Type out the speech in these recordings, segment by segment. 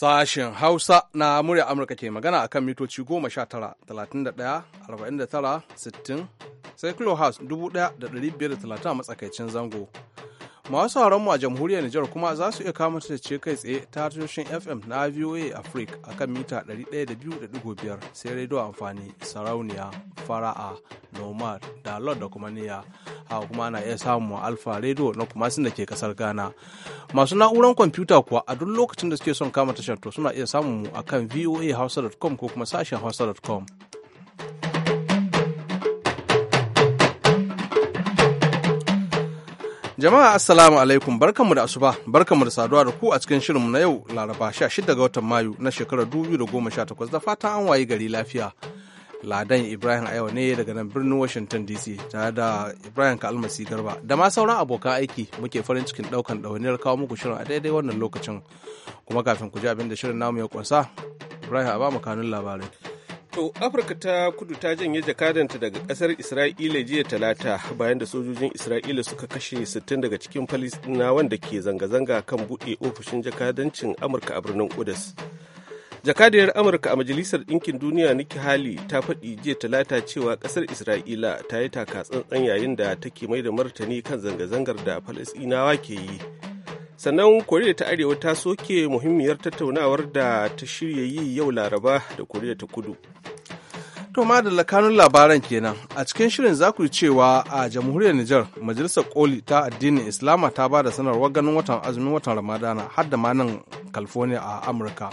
Sashen Hausa na murya Amurka ke magana akan mitoci 19, 31, 49, 60, sai kilohertz 1530 a matsakaicin zango. masu mu a jamhuriyar Nijar kuma za su iya kama ta ce kai tsaye ta tashoshin FM na VOA Africa a kan mita 102.5 sai rediyo amfani sarauniya fara'a nomad da lord da kuma niya haka kuma na iya samun alfa radio na kuma sun da ke kasar Ghana masu na'uran kwamfuta kuwa a duk lokacin da suke son kama tashar to suna iya samun mu a kan hausa.com ko kuma sashen hausa.com Jama'a Assalamu alaikum barkanmu da asuba barkanmu da saduwa da ku a cikin shirinmu na yau Laraba 16 ga watan Mayu na shekarar 2018 da fatan an wayi gari lafiya. Ladan Ibrahim a yau ne daga nan birnin Washington DC tare da Ibrahim Kalmasi Garba da ma sauran abokan aiki muke farin cikin daukan ɗawainiyar kawo muku shirin a daidai wannan lokacin. Kuma kafin ku ji abin da shirin namu ya kunsa Ibrahim a ba mu kanun labarai. To, Afirka ta kudu ta janye jakadanta daga kasar Isra'ila jiya talata bayan da sojojin Isra'ila suka kashe 60 daga cikin Falisdinawan wanda ke zanga-zanga kan buɗe ofishin jakadancin Amurka a birnin Kudus. Jakadiyar Amurka a Majalisar Ɗinkin Duniya Nikki hali ta faɗi jiya talata cewa ƙasar Isra'ila ta yi taka tsantsan yayin da take mai da martani kan zanga-zangar da Falasɗinawa ke yi. sannan koriya ta arewa ta soke muhimmiyar tattaunawar da ta shirya yi yau laraba da koriya ta kudu To da lakanun labaran kenan a cikin shirin za ku cewa a jamhuriyar Nijar majalisar koli ta addinin Islama ta ba da sanarwar ganin watan azumin watan Ramadana har da ma nan California a Amurka.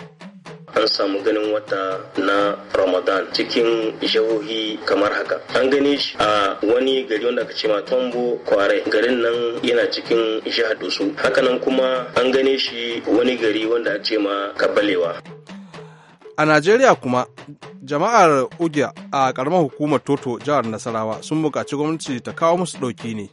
an samu ganin wata na ramadan cikin jihohi kamar haka an gani shi a wani gari wanda aka ce ma tombo kware garin nan yana cikin jihar dusu hakanan kuma an gani shi wani gari wanda aka ce ma kabalewa a najeriya kuma jama'ar ugya a karamar hukumar toto jihar nasarawa sun buƙaci gwamnati ta kawo musu ɗauki ne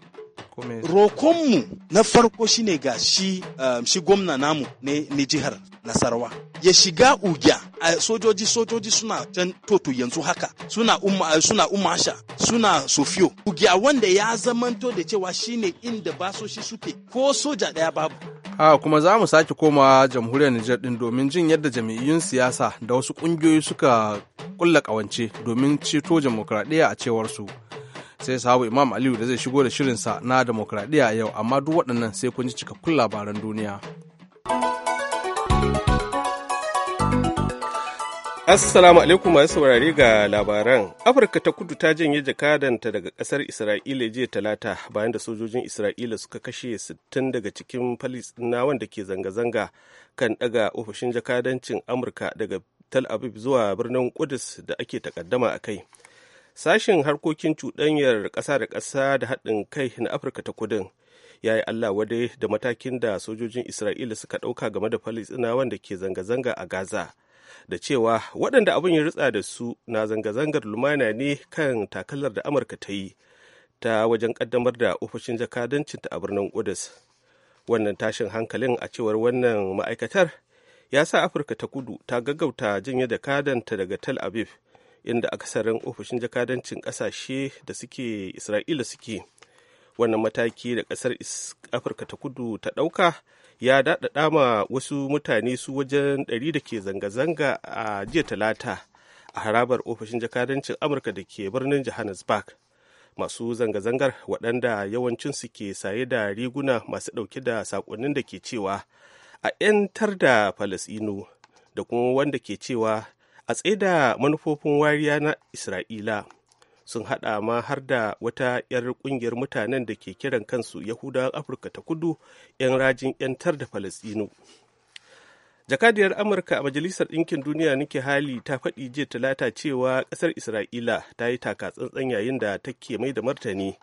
rokonmu na farko shine ga shi um, shi gwamna namu ne ni jihar nasarawa ya shiga ugya a sojoji sojoji suna can toto yanzu haka suna umma suna umasha suna sofiyo ugya wanda ya zamanto da cewa shine inda basoshi suke ko soja daya babu A kuma za mu sake koma jamhuriyar Nijar ɗin domin jin yadda jami'in siyasa da wasu ƙungiyoyi suka kulla ƙawance domin ceto demokradiyya a cewar su Sai sahabu Imam Aliyu da zai shigo da shirinsa na demokradiyya yau amma duk waɗannan sai kun ji cikakkun labaran duniya. Assalamu alaikum masu saurare ga labaran. Afirka ta kudu ta janye jakadanta daga kasar Isra'ila jiya talata bayan da sojojin Isra'ila suka kashe 60 daga cikin Falistinawan da ke zanga-zanga kan daga ofishin jakadancin Amurka daga Tel Aviv zuwa birnin Kudus da ake takaddama a kai. Sashen harkokin cuɗanyar ƙasa da ƙasa da haɗin kai na Afirka ta kudin ya yi Allah wadai da matakin da sojojin Isra'ila suka ɗauka game da Falistinawan da ke zanga-zanga a Gaza. da cewa waɗanda abin ya ritsa da su na zanga-zangar lumana ne kan takalar da amurka ta yi ta wajen ƙaddamar da ofishin jakadancinta a birnin kudus wannan tashin hankalin a cewar wannan ma'aikatar ya sa afirka ta kudu ta gaggauta da jakadanta daga tel aviv inda akasarin ofishin jakadancin ƙasashe da suke isra'ila suke wannan mataki da ƙasar afirka ta kudu ta ɗauka ya daɗaɗa ma wasu mutane su wajen ɗari da ke zanga-zanga a jiya talata a harabar ofishin jakadancin amurka da ke birnin johannesburg masu zanga-zangar waɗanda yawancinsu ke saye da riguna masu ɗauke da sakonnin da ke cewa a 'yantar da falasino da kuma wanda ke cewa a tsaida manufofin wariya na isra'ila sun hada ma har da wata 'yar kungiyar mutanen da ke kiran kansu yahudawan afirka ta kudu 'yan rajin 'yantar da falastinu jakadiyar amurka a majalisar ɗinkin duniya nike hali ta faɗi jiya talata cewa ƙasar isra'ila ta yi taka tsantsan yayin da ta ke mai da martani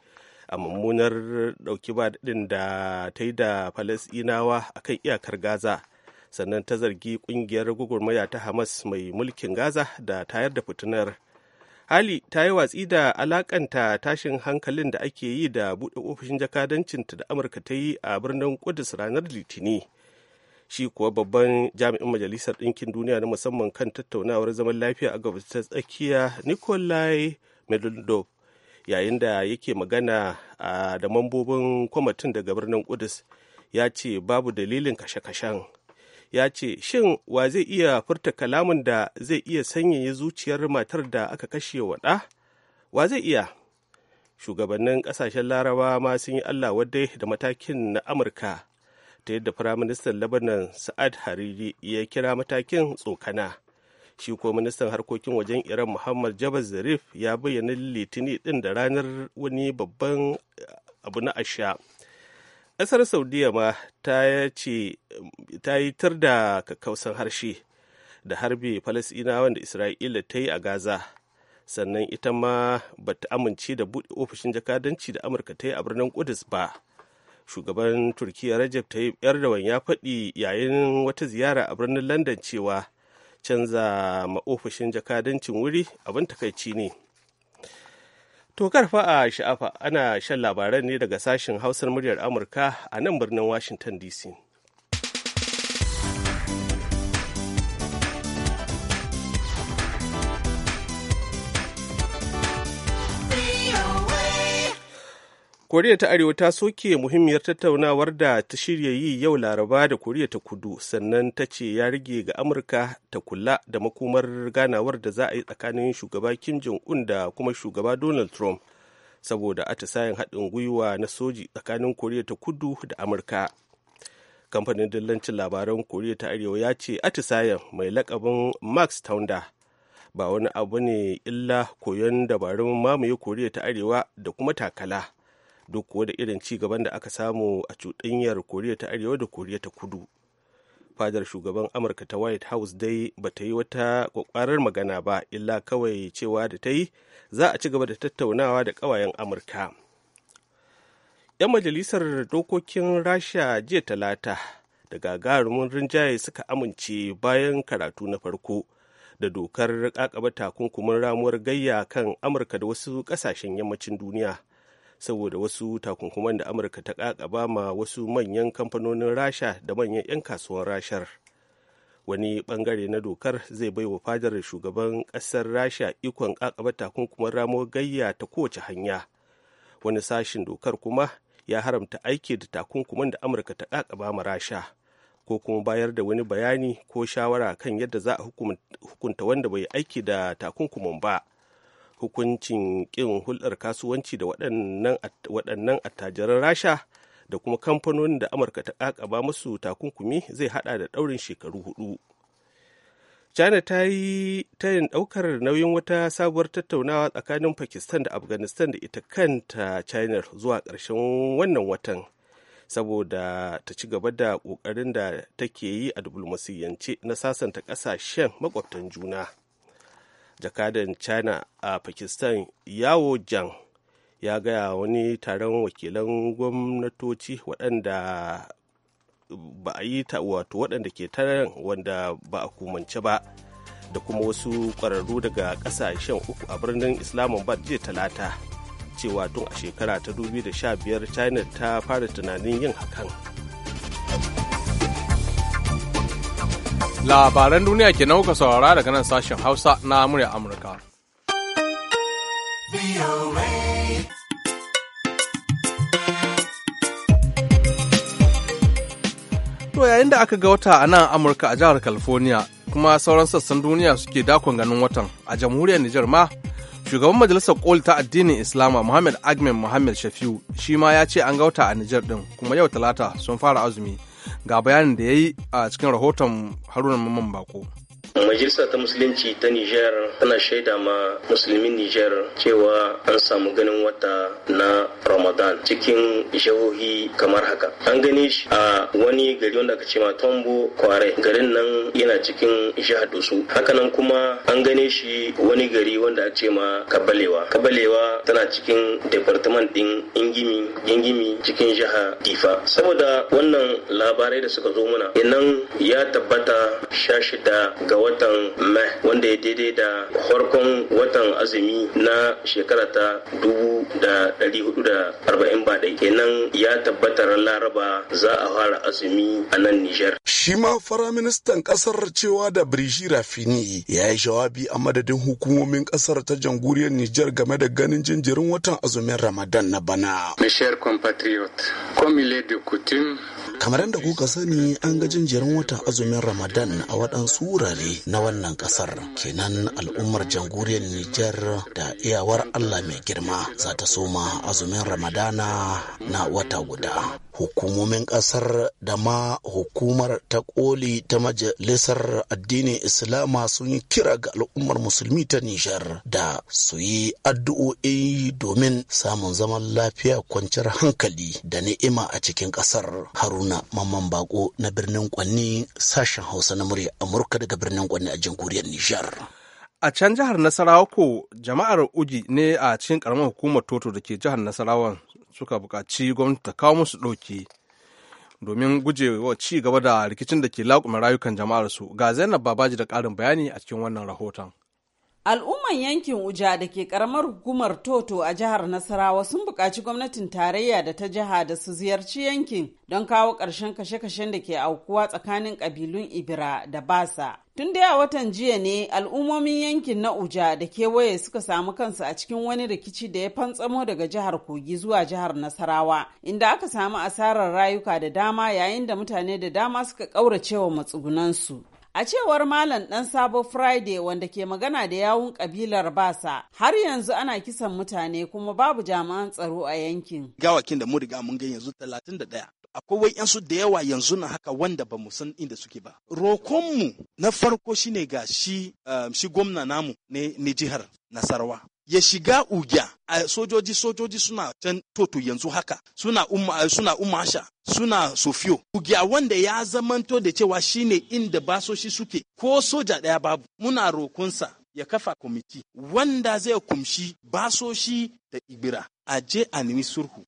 a mummunar ɗauki ba da ta yi da falasɗinawa a kan iyakar gaza sannan ta zargi ƙungiyar gugurmaya ta hamas mai mulkin gaza da tayar da fitinar ali ta yi watsi da alakanta tashin hankalin da ake yi da buɗe ofishin jakadancinta da amurka ta yi a birnin kudus ranar litini shi kuwa babban jami'in majalisar ɗinkin duniya na musamman kan tattaunawar zaman lafiya a gaba ta tsakiya nikolai medvedev yayin da yake magana da mambobin kwamitin daga birnin kudus ya ce babu dalilin kashe-kashen ya ce shin wa zai iya furta kalamin da zai iya sanyaya zuciyar matar da aka kashe wa ɗa wa zai iya shugabannin ƙasashen laraba ma sun yi allah wadai da matakin na amurka ta yadda firaministan labanan sa'ad hariri ya kira matakin tsokana shi ko ministan harkokin wajen iran muhammad jabal zarif ya bayyana litini din da ranar wani babban eh, abu na asha kasar saudiya ma ta yi tar da kakkausan harshe da harbi falasina wanda isra'ila ta yi a gaza sannan ita ma ba ta amince da buɗe ofishin jakadanci da amurka ta yi a birnin kudus ba shugaban turkiya rajab ta yar erdogan ya faɗi yayin wata ziyara a birnin london cewa canza ma ofishin jakadancin wuri abin takaici ne To karfa a sha'afa ana shan labaran ne daga sashen hausar muryar Amurka a nan birnin Washington DC. koriya ta arewa ta soke muhimmiyar tattaunawar da ta shirya yi yau laraba da koriya ta kudu sannan ta ce ya rage ga amurka ta kula da makomar ganawar da za a yi tsakanin shugaba kim jong un da kuma shugaba donald trump saboda atisayen haɗin gwiwa na soji tsakanin koriya ta kudu da amurka kamfanin dillancin labaran koriya ta arewa ya ce atisayen mai lakabin max taunder ba wani abu ne illa koyon dabarun mamaye koriya ta arewa da kuma takala duk kuwa da irin ci gaban da aka samu a cuɗanyar koriya ta arewa da koriya ta kudu fadar shugaban amurka ta white house dai ba ta yi wata ƙwaƙwarar magana ba illa kawai cewa da ta yi za a ci gaba da tattaunawa da ƙawayen amurka 'yan majalisar dokokin rasha jiya talata da gagarumin rinjaye suka amince bayan karatu na farko da dokar kakaba takunkumin ramuwar gayya kan amurka da wasu ƙasashen yammacin duniya saboda wasu takunkuman da amurka ta kakaba ma wasu manyan kamfanonin rasha da manyan 'yan kasuwan rashar wani bangare na dokar zai baiwa fadar shugaban ƙasar rasha ikon kakaba takunkuman ramo gayya ta kowace hanya wani sashin dokar kuma ya haramta aiki da takunkuman da amurka ta kakaba ma rasha ko kuma bayar da wani bayani ko shawara kan yadda za a hukunta wanda bai aiki da takunkuman ba hukuncin kin hulɗar kasuwanci da waɗannan attajiran rasha da kuma kamfanonin da amurka ta ƙaƙaba masu takunkumi zai haɗa da ɗaurin shekaru hudu china ta yi tayin ɗaukar nauyin wata sabuwar tattaunawa tsakanin pakistan da afghanistan da ita kanta china zuwa ƙarshen wannan watan saboda ta ci gaba da ƙoƙarin da take yi a dubulmasiyance na sasanta ƙasashen makwabtan juna jakadan china a pakistan yawo jan ya gaya wani taron wakilan gwamnatoci waɗanda ba a yi wato waɗanda ke taron wanda ba a kumance ba da kuma wasu ƙwararru daga ƙasashen uku a birnin islamabad jiya talata cewa tun a shekara ta 2015 china ta fara tunanin yin hakan Labaran duniya ke nauka saurara daga nan sashen Hausa na murya Amurka. To yayin da aka ga wata a nan Amurka a jihar California kuma sauran sassan duniya suke dakon ganin watan a jamhuriyar Nijar ma shugaban majalisar koli ta addinin Islama Muhammad Agmen Muhammad Shafiu shi ma ya ce an gauta a Nijar din kuma yau talata sun fara azumi ga bayanin da ya yi a cikin rahoton haruna mamman bako majalisa ta musulunci ta niger tana shaida ma musulmin niger cewa an samu ganin wata na ramadan cikin jihohi kamar haka an gane shi a wani gari wanda aka ce ma tombo kware garin nan yana cikin jihar dosu hakanan kuma an gane shi wani gari wanda aka ce ma kabalewa kabalewa tana cikin departament din ingimi ingimi cikin jihar difa saboda wannan labarai da suka zo muna inan ya tabbata sha shida ga watan mai wanda ya daidai da farkon watan azumi na shekara ta dubu da dari da arba'in ba kenan ya tabbatar laraba za a fara azumi a nan nijar Shi ma faraministan ƙasar cewa da Birishi Rafini ya yi jawabi a madadin hukumomin ƙasar ta jamhuriyar Nijar game da ganin jinjirin watan azumin Ramadan na bana. Kamar yadda kuka sani an ga jinjirin watan azumin Ramadan a waɗansu wurare na wannan ƙasar kenan al'ummar jamhuriyar Nijar da iyawar Allah mai girma za ta soma azumin Ramadana na wata guda. Hukumomin ƙasar da ma hukumar ta ta koli ta majalisar addinin islama sun yi kira ga al'ummar musulmi ta nijar da su yi addu'o'i domin samun zaman lafiya kwanciyar hankali da ni'ima a cikin kasar haruna mamman bako na birnin kwanni sashen hausa na murya amurka daga birnin kwanni a jamhuriyar nijar a can jihar nasarawa ko jama'ar uji ne a cikin karamar hukumar toto da ke jihar nasarawa suka buƙaci gwamnati ta kawo musu ɗauki domin gujewa ci gaba da rikicin da ke laƙume rayukan jama'arsu ga zainab babaji da ƙarin bayani a cikin wannan rahoton Al'umman yankin Uja da ke karamar hukumar Toto a jihar Nasarawa sun buƙaci gwamnatin tarayya da ta jiha da su ziyarci yankin don kawo ƙarshen kashe-kashen da ke aukuwa tsakanin ƙabilun Ibira da Basa. Tun da watan jiya ne al'ummomin yankin na Uja da kewaye suka samu kansu a cikin wani rikici da ya fantsamo daga jihar Kogi zuwa jihar Nasarawa, inda aka samu asarar rayuka da dama yayin da mutane da dama suka ƙauracewa matsugunansu. A cewar Malam ɗan Sabo Friday wanda ke magana da yawun kabilar Basa, har yanzu ana kisan mutane kuma babu jami'an tsaro a yankin. Gawakin da mu riga mun ga yanzu 31. akwai wa'yansu da yawa yanzu na haka wanda ba mu san inda suke ba. Rokonmu na farko shine ga shi, eh, shi gwamna namu ne jihar Nasarawa. ya shiga ugya a sojoji sojoji suna can toto yanzu haka suna eh, suna umasha suna sofiyo ugya wanda ya zamanto da cewa shine inda basoshi suke ko soja daya babu muna rokunsa ya kafa kwamiti wanda zai kumshi basoshi da ibira a je a nemi sulhu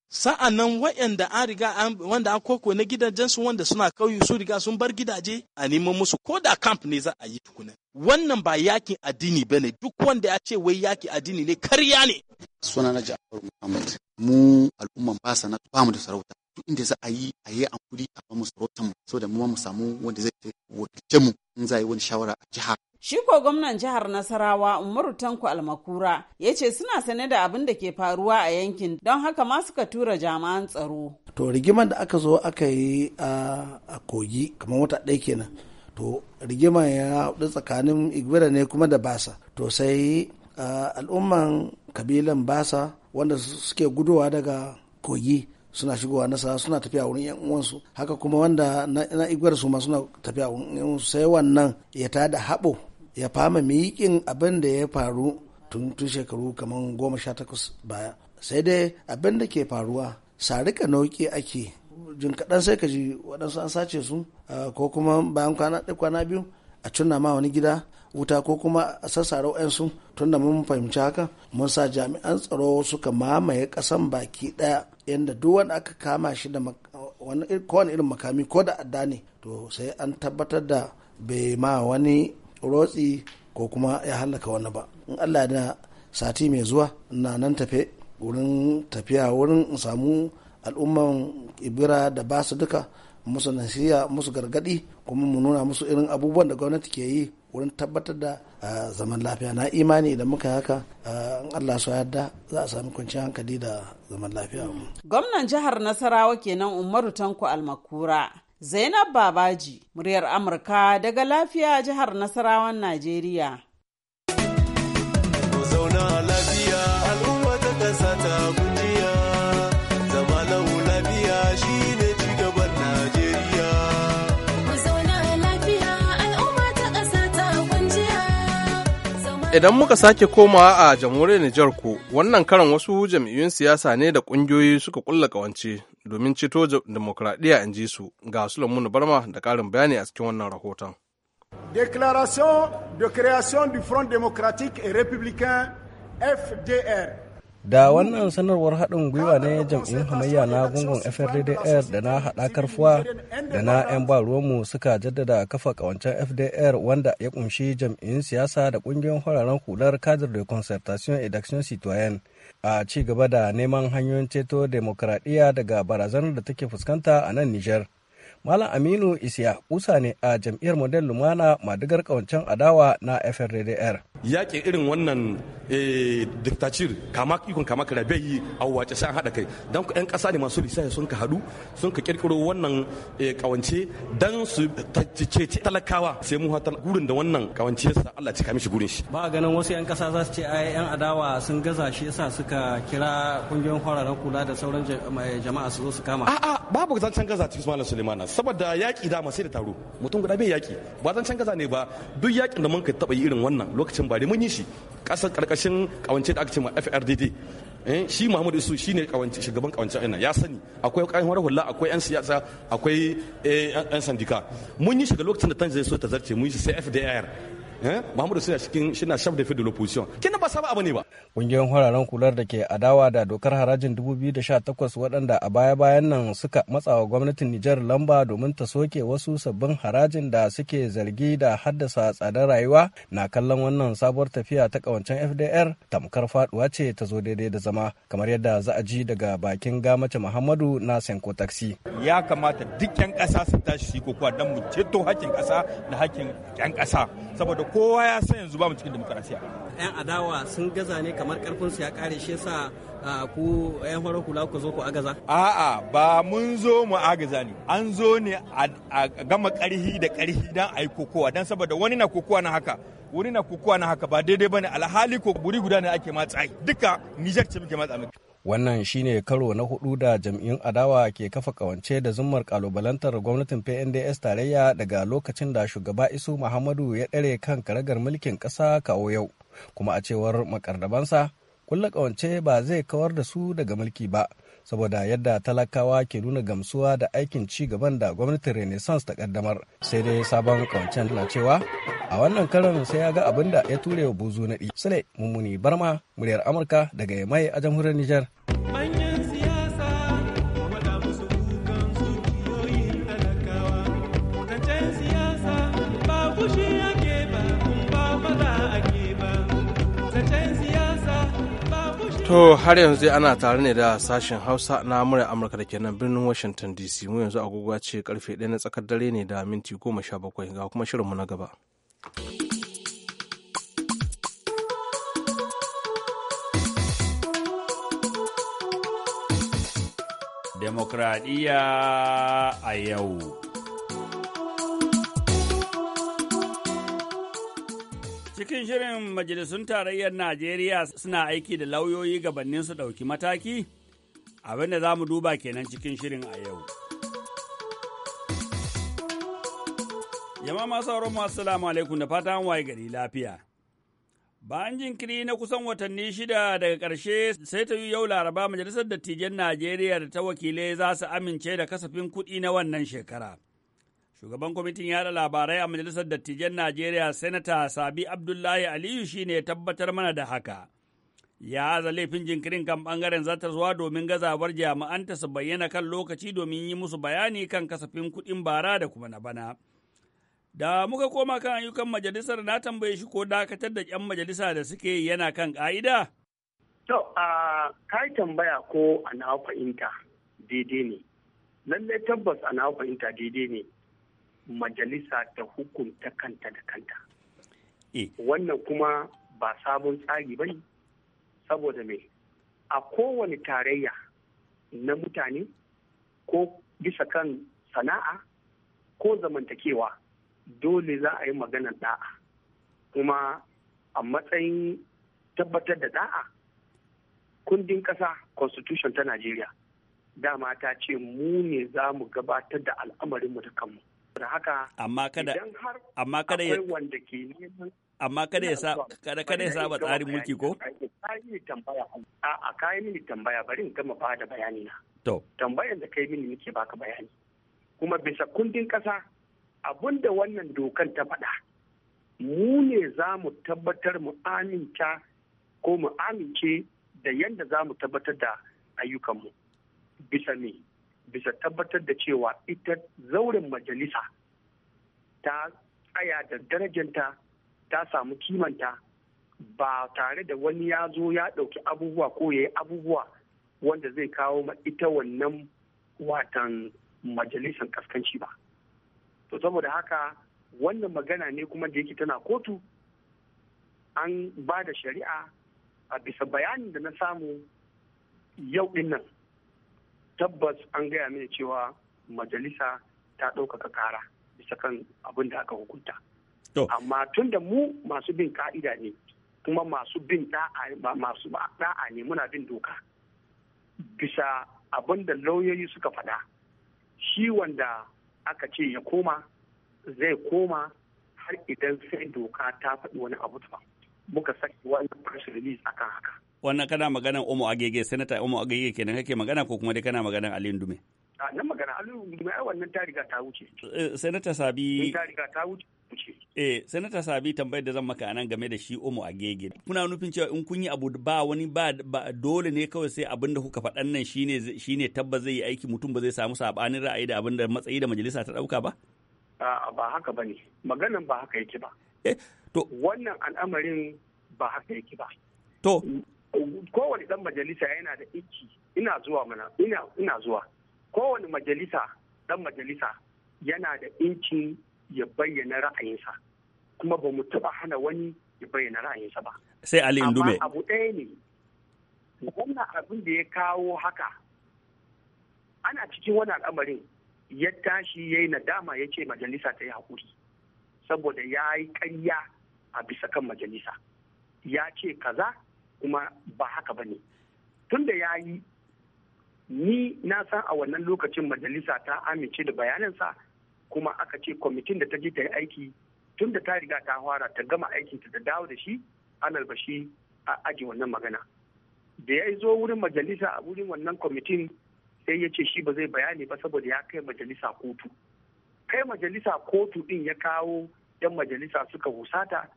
nan wayanda an riga wanda an koko na gidajensu wanda suna kauye su riga sun bar gidaje a neman musu ko da camp ne za a yi tukuna wannan ba yakin addini bane duk wanda ya ce wai yaki addini ne karya ne sunana ja'afar Muhammad mu al'umman basa na ba mu da sarauta duk inda za a yi a yi ankuri a bamu sarautar mu so da mu mu samu wanda zai wakilce mu in za a yi wani shawara a jiha. Shi ko gwamnan jihar Nasarawa Umaru Tanko Almakura ya ce suna sane da abin da ke faruwa a yankin don haka ma suka tura jama'an tsaro. To rigimar da aka zo aka yi a kogi kamar wata ɗaya kenan. To rigimar ya haɗu tsakanin Igbira ne kuma da Basa. To sai al'umman kabilan Basa wanda suke gudowa daga kogi suna shigowa na sa suna tafiya wurin yan uwansu haka kuma wanda na igwar su ma suna tafiya wurin yan sai wannan ya ta da haɓo ya fama miƙin abin da ya faru tun tun shekaru kamar goma sha takwas baya sai dai abin da ke faruwa sa sarika nauki ake jin kaɗan sai ka ji waɗansu an sace su ko kuma bayan kwana ɗaya kwana biyu a cunna ma wani gida wuta ko kuma a sassara wa'yansu tunda mun fahimci haka mun sa jami'an tsaro suka mamaye ƙasan baki ɗaya yadda duk wanda aka kama shi da kowane irin makami ko da adda ne to sai an tabbatar da bai ma wani rotsi ko kuma ya hallaka wani ba in allah da sati mai zuwa na nan tafe wurin tafiya wurin in samu al'umman ibira da basu duka musu nasiya musu gargadi kuma mu nuna musu irin abubuwan da gwamnati ke yi wurin tabbatar da ah, zaman lafiya na imani idan muka yi haka ah, in Allah su yarda za a sami kwanciyar hankali da zaman lafiya. Gwamnan jihar Nasarawa kenan Umaru Tanko Almakura. Zainab Babaji, muryar Amurka daga lafiya jihar Nasarawan Najeriya. Idan muka sake komawa a jamhuriyar Nijar ku, wannan karan wasu jam'iyyun siyasa ne da ƙungiyoyi suka ƙulla ƙawance domin ceto demokradiyya in ji su ga sulamunu Barma da karin bayani a cikin wannan rahoton. declaration de création du Front démocratique et républicain FDR da wannan sanarwar haɗin gwiwa ne jam'in hamayya na gungun fdr da na haɗakar fuwa da na 'yan ba ruwanmu suka jaddada kafa ƙawancen FDR wanda ya ƙunshi jam'in siyasa da ƙungiyoyin hularen hular cadre de concertation et d'action citoyen a ci gaba da neman hanyoyin ceto demokradiyya daga barazanar da take fuskanta a nan Nijar. Malam Aminu Isiya kusa ne a jam'iyyar Model Lumana madigar kawancen adawa na FRDR. Yaƙi irin wannan eh, diktacir kama ikon kama kira bai yi a wace sai an haɗa kai. Don ku 'yan ƙasa ne masu lissafi sun ka haɗu sun ka ƙirƙiro wannan kawance eh, don su tace talakawa sai mu hatar gurin da wannan kawance sa Allah cika mishi gurin shi. Ba ganin wasu 'yan ƙasa za su ce ai 'yan adawa sun gaza shi yasa suka kira kungiyoyin fararen kula da sauran jama'a su zo su kama. A'a babu zancen gaza cikin Malam Suleiman saboda yaƙi dama sai da taro mutum guda bai yaƙi ba zan can gaza ne ba duk yaƙin da mun ka taɓa yi irin wannan lokacin bare mun yi shi ƙasar ƙarƙashin ƙawance da aka ce ma FRDD eh, shi Muhammadu Isu shi ne shugaban ƙawance ina ya sani akwai kayan hulla akwai yan siyasa akwai yan eh, sandika mun yi shiga lokacin da tanzania so ta zarce mun yi sai FDR Eh? Muhammadu suna cikin shina shaf da fidda l'opposition. Kina ba saba abu ne ba. Kungiyoyin hararen kular da ke adawa da dokar harajin 2018 waɗanda a baya-bayan nan suka matsawa gwamnatin Nijar lamba domin ta soke wasu sabbin harajin da suke zargi da haddasa tsadar rayuwa na kallon wannan sabuwar tafiya ta kawancen FDR tamkar faɗuwa ce ta zo daidai da zama kamar yadda za a ji daga bakin gamace Muhammadu na Senko Taxi. Ya kamata duk 'yan ƙasa su tashi su yi kokowa don mu ceto hakkin ƙasa da hakkin 'yan ƙasa saboda kowa ya san yanzu ba mu cikin demokarasiya yan adawa sun gaza ne kamar karfin su ya kare shi yasa ah, ku yan farar hula ku zo ku agaza a'a ba mun zo mu agaza ne an zo ne a gama karhi da karhi dan yi kokowa dan saboda wani na kokowa na haka wani na kokowa na haka ba daidai bane alhali ko buri guda ne ake matsayi duka Niger ce muke matsayi. wannan shine karo na hudu da jam'iyyun adawa ke kafa kawance da zummar kalubalantar gwamnatin pnds tarayya daga lokacin da shugaba isu muhammadu ya ɗare kan karagar mulkin ƙasa kawo yau kuma a cewar makardabansa kulla kawance ba zai kawar da su daga mulki ba saboda yadda talakawa ke nuna gamsuwa da aikin ci gaban da gwamnatin renaissance ta kaddamar sai dai sabon kawancen na cewa a wannan karan sai ya ga abin da ya ture buzu na ɗi sule mummuni barma muryar amurka daga mai a jamhuriyar niger To har yanzu ana tare ne da sashen Hausa na murya Amurka da ke nan birnin Washington DC mu yanzu agogo ce karfe ɗaya na tsakar dare ne da minti goma sha bakwai ga kuma shirinmu na gaba. Demokradiyya a yau. Cikin shirin majalisun tarayyar Najeriya suna aiki da lauyoyi gabanin su ɗauki mataki? abinda zamu za mu duba kenan cikin shirin a yau. Yama masu sauran masu salamu alaikum da fata an waye gari lafiya. Bayan jinkiri na kusan watanni shida daga ƙarshe sai ta yi yau laraba majalisar dattijan Najeriya da ta wakilai za su amince da kasafin kuɗi na wannan shekara. Shugaban kwamitin yada labarai a Majalisar Dattijan Najeriya, Sanata Sabi Abdullahi Aliyu shi ne ya tabbatar mana da haka. Ya aza laifin jinkirin kan ɓangaren zuwa domin gazawar jami'anta su bayyana kan lokaci domin yi musu bayani kan kasafin kuɗin bara da kuma na bana. Da muka koma kan ayyukan majalisar na tambaye shi ko dakatar da 'yan majalisa da suke yana kan ƙa'ida? To, a kai tambaya ko a na fahimta daidai ne. Lallai tabbas a na fahimta daidai ne. majalisa ta hukunta kanta da kanta eh. wannan kuma ba sabon tsari ba ne saboda mai a kowane tarayya na mutane ko bisa kan sana'a ko zamantakewa dole za a yi maganar da'a kuma a matsayin tabbatar da da'a kundin ƙasa constitution ta najeriya dama ta ce mu ne za mu gabatar da al'amarinmu da kanmu da haka amma kada amma kada ya wanda ke amma kada ya kada kada ya saba tsarin mulki ko kai tambaya a kai mini tambaya bari in gama bada bayani na to tambayar da kai mini nake baka bayani kuma bisa kundin kasa abinda wannan dokan ta faɗa mu ne za mu tabbatar mu aminta ko mu amince da yadda za mu tabbatar da ayyukanmu bisa ne bisa tabbatar da cewa ita zauren majalisa ta tsaya da darajanta ta samu kimanta ba tare da wani ya zo ya ɗauki abubuwa ko ya yi abubuwa wanda zai kawo ma ita wannan watan majalisar kaskanci ba to saboda haka wannan magana ne kuma da yake tana kotu an ba da shari'a a bisa bayanin da na samu yau dinnan. nan tabbas an gaya mini cewa majalisa ta ɗaukaka kara bisa kan abin da aka hukunta amma tun da mu masu bin ka'ida ne kuma masu bin masu da'a ne muna bin doka bisa abin da lauyoyi suka faɗa shi wanda aka ce ya koma zai koma har idan sai doka ta faɗi wani abu muka saki wani press release akan haka wannan kana maganan Omo Agege senator Omo Agege kenan kake magana ko kuma dai kana maganan Aliyu Dume nan magana Aliyu Dume ai wannan ta riga ta wuce eh, Senator Sabi ta riga ta wuce Eh, Sanata Sabi tambayar da zan maka anan game da shi Omo Agege. Kuna nufin cewa in kun yi abu ba wani ba, dole ne kawai sai abin da kuka faɗan nan shine shine tabba zai yi aiki mutum ba zai samu sabanin ra'ayi da abin da matsayi da majalisa ta ɗauka ba? ba haka ba ne. Maganan ba haka yake ba. Eh, to wannan al'amarin ba haka yake ba. To kowane dan majalisa yana da iki ina zuwa mana ina zuwa kowane majalisa dan majalisa yana da inci ya bayyana ra'ayinsa kuma ba mu taba hana wani ya bayyana ra'ayinsa ba sai ali indume amma abu ɗaya ne wannan abin da ya kawo haka ana cikin wani al'amarin ya tashi ya yi nadama ya ce majalisa ta yi hakuri saboda ya yi ƙarya a bisa kan majalisa ya ce kaza kuma ba haka ba ne tun da ya yi ni na san a wannan lokacin majalisa ta amince da bayaninsa kuma aka ce kwamitin da ta je ta yi aiki tun da ta riga ta fara ta gama aikin ta dawo da shi alal bashi a aji wannan magana da ya zo wurin majalisa a wurin wannan kwamitin sai ya ce shi ba zai bayani ba saboda ya kai majalisa kotu kai majalisa kotu din ya kawo yan majalisa suka husata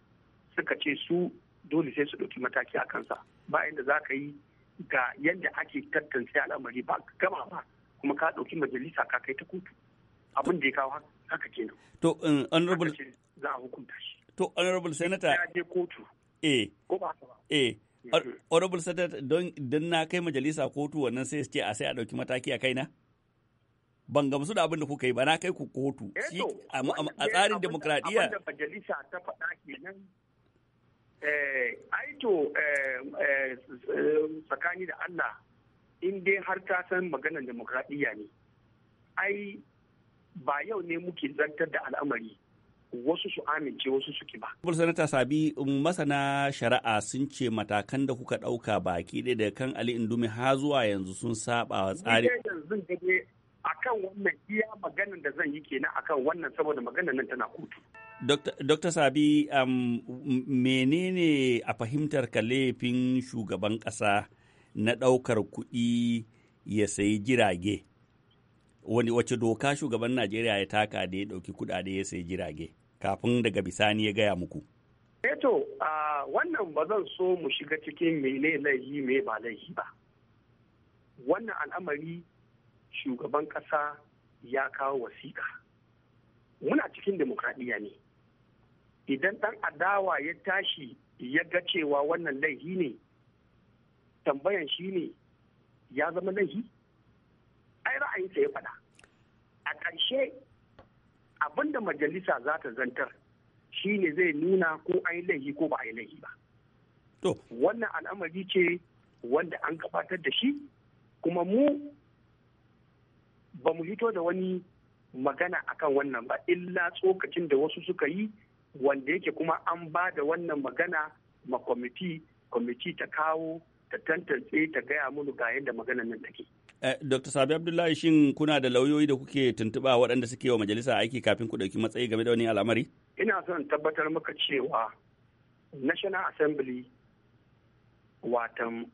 suka ce su dole sai su ɗauki mataki a kansa bayan da za ka yi ga yadda ake tantance al'amari ba gama ba kuma ka ɗauki majalisa ka kai ta kotu abin da ya kawo haka kenan to um, honorable za a hukunta shi to honorable senator ya je kotu eh ko ba ba eh mm-hmm. honorable senator don don na kai majalisa kotu wannan sai ce a sai a ɗauki mataki a kaina ban gamsu da abin da kuka yi ba na kai ku kotu eh, a tsarin demokradiyya abin da majalisa ta faɗa kenan Eh, aito eh, eh, tsakani da Allah in dai har ta san maganar demokradiyya ne ai ba yau ne muke zantar da al'amari wasu su amince wasu suke ba. Kabul Sanata Sabi masana shari'a sun ce matakan da kuka ɗauka baki ɗaya da kan Ali Indumi ha zuwa yanzu sun saba wa tsari. yanzu kan wannan iya maganar da zan yi kenan akan wannan saboda maganar nan tana kotu. Dokta Sabi, um, menene a fahimtar ka laifin shugaban ƙasa na ɗaukar kuɗi ya sayi jirage? Wani wace doka shugaban Najeriya ya taka da ya ɗauki kuɗaɗe ya sayi jirage kafin daga bisani ya gaya muku? Eto, eh uh, wannan ba zan so mu shiga cikin mene laifi me ba laifi ba. Wannan al'amari shugaban ƙasa ya kawo wasiƙa. Muna cikin demokradiyya ne. idan ɗan adawa ya tashi ya ga cewa wannan laifi ne tambayan shi ne ya zama laifi? ai ra'ayinsa ya faɗa a ƙarshe abinda majalisa za ta zantar shi ne zai nuna ko an yi laihi ko ba a yi laifi ba wannan al'amari ce wanda an gabatar da shi kuma mu ba mu hito da wani magana akan wannan ba illa tsokacin da wasu suka yi wanda yake kuma an ba da wannan magana ma kwamiti kwamiti ta kawo ta tantance ta gaya mu ga yadda maganan nan take. Eh, Dr. Sabi Abdullahi shin kuna da lauyoyi da kuke tuntuba waɗanda suke wa majalisa aiki kafin ku ɗauki matsayi game da wani al'amari? Ina son tabbatar maka cewa National Assembly watan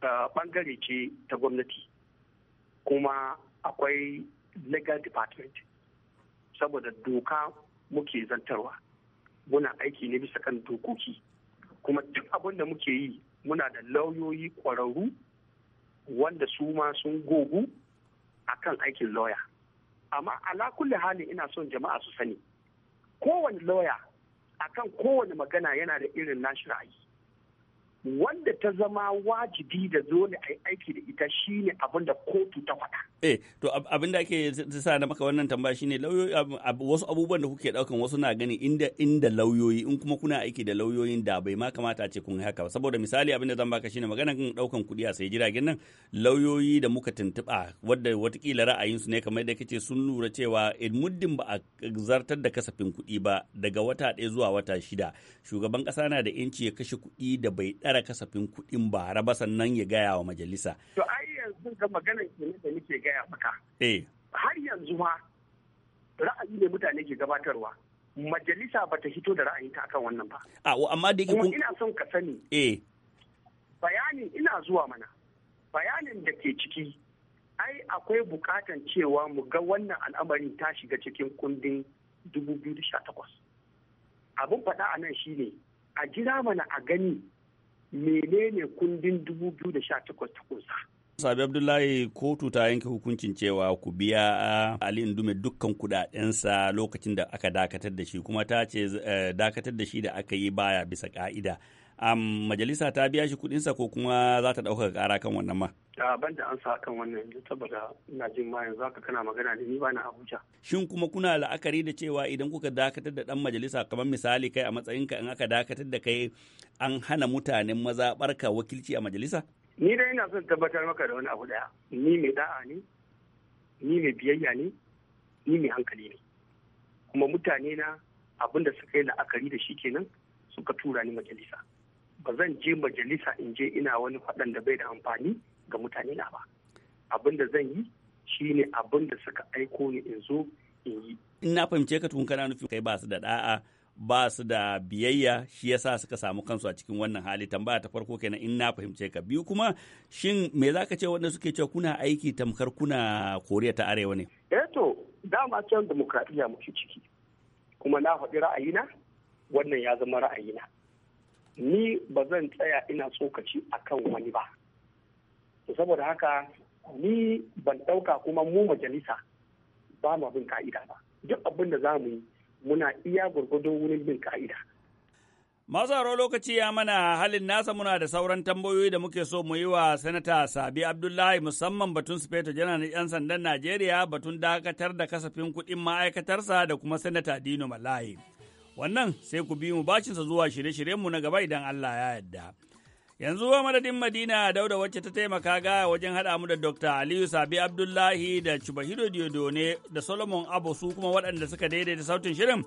bangare eh, ce ta gwamnati kuma akwai legal department saboda doka muke zantarwa muna aiki ne bisa kan dokoki kuma duk abin da muke yi muna da lauyoyi kwararru wanda su ma sun gogu a kan aikin lauya amma ala kulli hali ina son jama'a su sani kowane lauya akan kowane magana yana da irin nashi ra'ayi wanda ta zama wajibi da dole a aiki da ita shine abin da kotu ta faɗa. Eh, to abin da ake sa na maka wannan tambaya shine lauyoyi wasu abubuwan da kuke daukan wasu na gani inda inda lauyoyi in kuma kuna aiki da lauyoyin da bai ma kamata ce kun haka ba saboda misali abin da zan baka shine magana kan daukan kuɗi a sai jiragen nan lauyoyi da muka tuntuɓa wadda watakila su ne kamar da kace sun lura cewa eh, muddin ba a zartar da kasafin kuɗi ba daga wata ɗaya zuwa wata shida shugaban ƙasa na da 'yanci ya kashe kuɗi da bai ƙara kasafin kuɗin bara ba sannan ya gaya wa majalisa. To ai yanzu ga maganar kenan da nake gaya maka. Eh. Har yanzu ma ra'ayi ne mutane ke gabatarwa. Majalisa bata hito da ra'ayinta akan wannan ba. A amma da yake kun ina son ka sani. Eh. Bayanin ina zuwa mana. Bayanin da ke ciki ai akwai bukatan cewa mu ga wannan al'amarin ta shiga cikin kundin 2018 abin faɗa a nan shine a jira mana a gani menene kundin 2018 ta kusa. Sabi Abdullahi kotu ta yanke hukuncin cewa ku biya ah, Ali Ndume dukkan kudadensa lokacin da aka dakatar da shi kuma ta ce eh, dakatar da shi da aka yi baya bisa ka'ida. um, majalisa ta biya shi kuɗinsa ko kuma za ta ɗaukaka ƙara kan wannan ma. a ban da ansa kan wannan yanzu saboda ina jin ma yanzu haka kana magana da ni ba na Abuja. Shin kuma kuna la'akari da cewa idan kuka dakatar da dan majalisa kamar misali kai a matsayinka in aka dakatar da kai an hana mutanen maza barka wakilci a majalisa? Ni dai ina son tabbatar maka da wani abu daya. Ni mai da'a ne, ni mai biyayya ne, ni mai hankali ne. Kuma mutane na abin da suka yi la'akari da shi kenan suka tura ni majalisa. ba zan je majalisa in je ina wani faɗan da bai da amfani ga mutane na ba abin da zan yi shine abin da suka aiko ni in zo in yi in na fahimce ka tun kana nufin kai ba su da da'a ba su da biyayya shi yasa suka samu kansu a cikin wannan hali tambaya ta farko kenan in na fahimce ka biyu kuma shin me za ka ce wanda suke cewa kuna aiki tamkar kuna koriya ta arewa ne eh to dama cewa demokradiyya muke ciki kuma na faɗi ra'ayina wannan ya zama ra'ayina ni ba zan tsaya ina tsokaci akan wani ba saboda haka ni ban ɗauka kuma mu majalisa ba mu bin ka'ida ba duk abin da za mu yi muna iya gwargwadon wurin bin ka'ida Masu haro lokaci ya mana halin nasa muna da sauran tambayoyi da muke so mu yi wa Sanata Sabi Abdullahi musamman batun Sufeto Janar 'yan sandan Najeriya batun dakatar da kasafin kuɗin ma'aikatarsa da kuma Sanata Dino Malayi. Wannan sai ku bi mu bacinsa zuwa shirye-shiryenmu na gaba idan Allah ya yarda. Yanzu wa madadin Madina Dauda wacce ta taimaka ga wajen haɗa mu da Dr. Aliyu Sabi Abdullahi da Chubahiro Diodone da Solomon Abo su kuma waɗanda suka daidaita sautin shirin.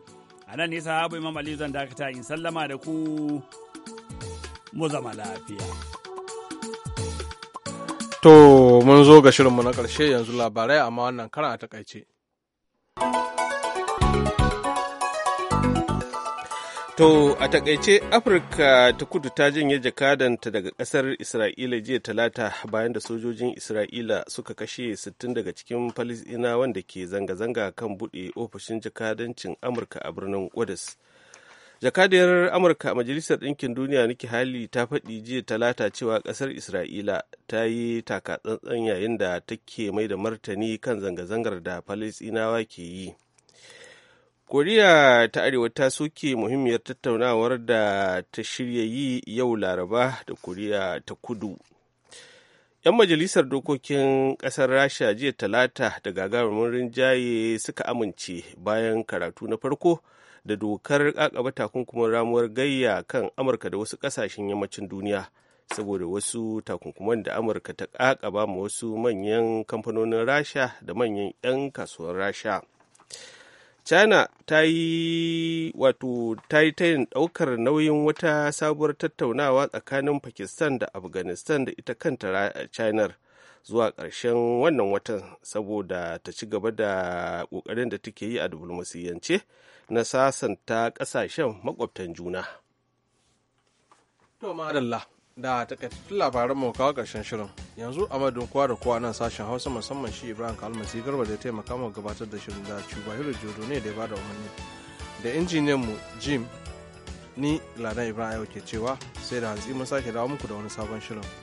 A nan nisa habu Imam Aliyu zan dakata in sallama da ku mu zama lafiya. To mun zo ga shirinmu na ƙarshe yanzu labarai amma wannan karan a takaice. To a takaice Afirka ta kudu ta janye jakadanta daga kasar Isra'ila jiya talata bayan da sojojin Isra'ila suka kashe 60 daga cikin Falisina wanda ke zanga-zanga kan buɗe ofishin jakadancin Amurka a birnin Qudus. Jakadiyar Amurka a Majalisar Ɗinkin Duniya niki hali ta faɗi jiya talata cewa ƙasar Isra'ila ta yi takatsantsan yayin da take mai da martani kan zanga-zangar da Falisinawa ke yi. koriya ta arewa ta soke muhimmiyar tattaunawar da ta shirya yi yau laraba da koriya ta kudu yan majalisar dokokin kasar rasha jiya talata da gagarumin rinjaye suka amince bayan karatu na farko da dokar kakaba takunkumin ramuwar gayya kan amurka da wasu kasashen yammacin duniya saboda wasu takunkuman da amurka ta kakaba ma wasu manyan kamfanonin rasha da manyan 'yan kasuwar rasha china ta yi wato ta yi tayin ɗaukar nauyin wata sabuwar tattaunawa tsakanin pakistan da afghanistan da ita kanta china zuwa ƙarshen wannan watan saboda ta ci gaba da ƙoƙarin da take yi a diflomasiyyance na sasanta ƙasashen makwabtan juna. To madalla da takaitattun labaran mu kawo ƙarshen shirin yanzu a madadin kowa da kowa nan sashen hausa musamman shi ibrahim kalmasi garba da taimaka mu gabatar da shirin da cubahiru jodo ne da ya bada umarni da injiniyan mu jim ni ladan ibrahim ke cewa sai da hantsi mun sake dawo muku da wani sabon shirin